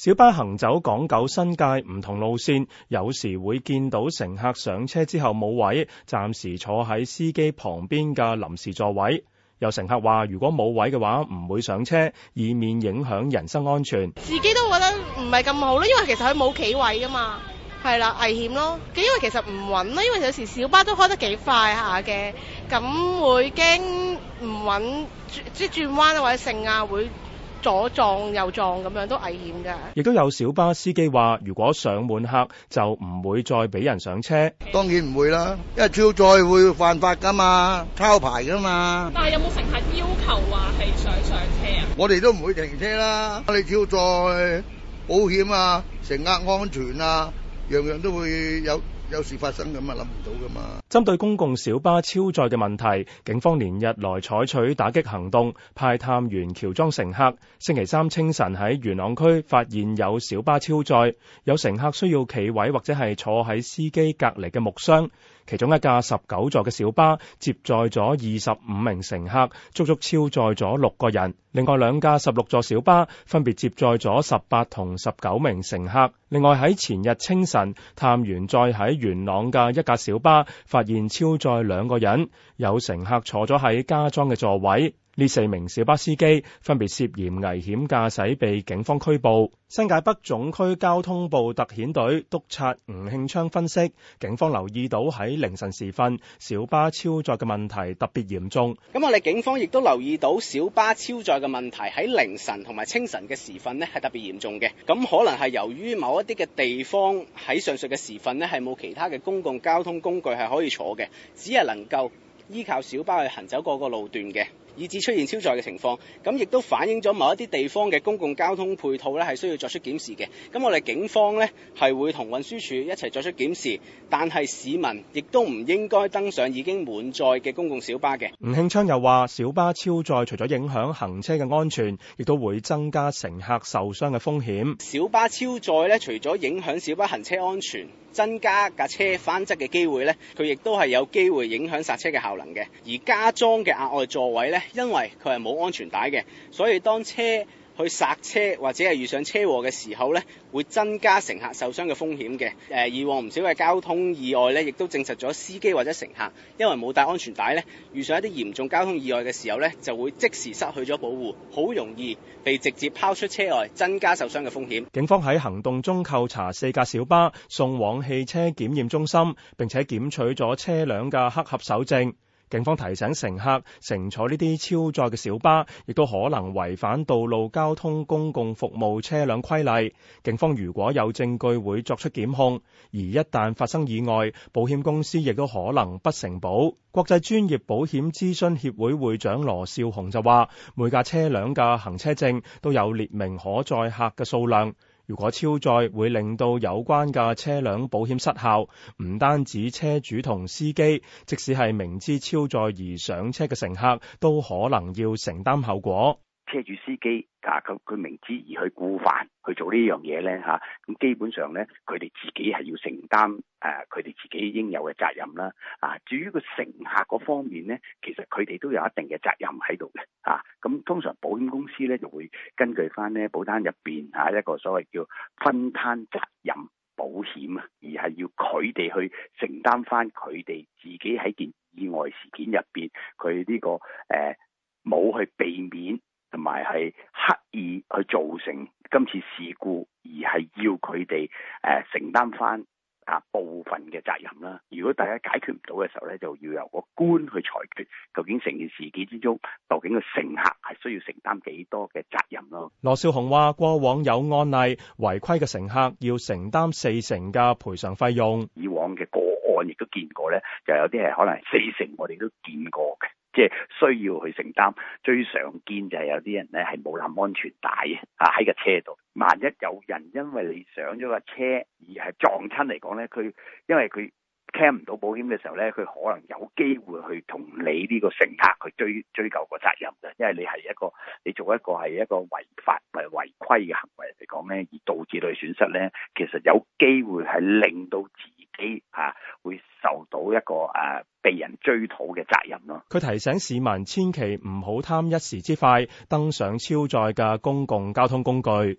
小巴行走港九新界唔同路線，有時會見到乘客上車之後冇位，暫時坐喺司機旁邊嘅臨時座位。有乘客話：如果冇位嘅話，唔會上車，以免影響人身安全。自己都覺得唔係咁好咯，因為其實佢冇企位噶嘛係啦，危險咯。因為其實唔穩咯，因為有時小巴都開得幾快下嘅，咁會驚唔穩，即係轉彎或者性啊會。左撞右撞咁樣都危險噶。亦都有小巴司機話，如果上滿客就唔會再俾人上車。當然唔會啦，因為超載會犯法噶嘛，抄牌噶嘛。但係有冇乘客要求話係想上車啊？我哋都唔會停車啦。我哋超載保險啊，乘客安全啊，樣樣都會有有事發生咁啊，諗唔到噶嘛。針對公共小巴超載嘅問題，警方連日來採取打擊行動，派探員喬裝乘客。星期三清晨喺元朗區發現有小巴超載，有乘客需要企位或者係坐喺司機隔籬嘅木箱。其中一架十九座嘅小巴接載咗二十五名乘客，足足超載咗六個人。另外兩架十六座小巴分別接載咗十八同十九名乘客。另外喺前日清晨，探員再喺元朗嘅一架小巴發現超載兩個人，有乘客坐咗喺加裝嘅座位。呢四名小巴司機分別涉嫌危險駕駛，被警方拘捕。新界北總區交通部特遣隊督察吳慶昌分析，警方留意到喺凌晨時分小巴超載嘅問題特別嚴重。咁我哋警方亦都留意到小巴超載嘅問題喺凌晨同埋清晨嘅時分咧係特別嚴重嘅。咁可能係由於某一啲嘅地方喺上述嘅時分咧係冇其他嘅公共交通工具係可以坐嘅，只係能夠依靠小巴去行走各個路段嘅。以致出現超載嘅情況，咁亦都反映咗某一啲地方嘅公共交通配套呢，係需要作出檢視嘅。咁我哋警方呢係會同運輸署一齊作出檢視，但係市民亦都唔應該登上已經滿載嘅公共小巴嘅。吳慶昌又話：小巴超載除咗影響行車嘅安全，亦都會增加乘客受傷嘅風險。小巴超載呢，除咗影響小巴行車安全，增加架車翻側嘅機會呢，佢亦都係有機會影響煞車嘅效能嘅。而加裝嘅額外座位呢。因為佢係冇安全帶嘅，所以當車去剎車或者係遇上車禍嘅時候呢，會增加乘客受傷嘅風險嘅。誒、呃，以往唔少嘅交通意外呢，亦都證實咗司機或者乘客因為冇帶安全帶呢，遇上一啲嚴重交通意外嘅時候呢，就會即時失去咗保護，好容易被直接拋出車外，增加受傷嘅風險。警方喺行動中扣查四架小巴，送往汽車檢驗中心，並且檢取咗車輛嘅黑盒手證。警方提醒乘客乘坐呢啲超載嘅小巴，亦都可能違反道路交通公共服務車輛規例。警方如果有證據，會作出檢控。而一旦發生意外，保險公司亦都可能不承保。國際專業保險諮詢協會會長羅少雄就話每架車輛嘅行車證都有列明可載客嘅數量。如果超載會令到有關嘅車輛保險失效，唔單止車主同司機，即使係明知超載而上車嘅乘客，都可能要承擔後果。車主、司機啊，佢佢明知而去故犯去做呢樣嘢咧嚇，咁、啊、基本上咧佢哋自己係要承擔誒佢哋自己應有嘅責任啦。啊，至於個乘客嗰方面咧，其實佢哋都有一定嘅責任喺度嘅。啊，咁、啊、通常保險公司咧就會根據翻咧保單入邊嚇一個所謂叫分攤責任保險啊，而係要佢哋去承擔翻佢哋自己喺件意外事件入邊佢呢個誒冇、啊、去避免。同埋係刻意去造成今次事故而，而係要佢哋誒承擔翻啊部分嘅責任啦。如果大家解決唔到嘅時候咧，就要由個官去裁決，究竟成件事件之中，究竟個乘客係需要承擔幾多嘅責任咯？羅少雄話：過往有案例違規嘅乘客要承擔四成嘅賠償費用，以往嘅個案亦都見過咧，就有啲係可能四成，我哋都見過嘅。即係需要去承擔，最常見就係有啲人咧係冇攬安全帶嘅喺個車度，萬一有人因為你上咗個車而係撞親嚟講咧，佢因為佢 claim 唔到保險嘅時候咧，佢可能有機會去同你呢個乘客去追追究個責任嘅，因為你係一個你做一個係一個違法同違規嘅行為嚟講咧，而導致到損失咧，其實有機會係令到啊，會受到一個誒被人追討嘅責任咯。佢提醒市民，千祈唔好貪一時之快，登上超載嘅公共交通工具。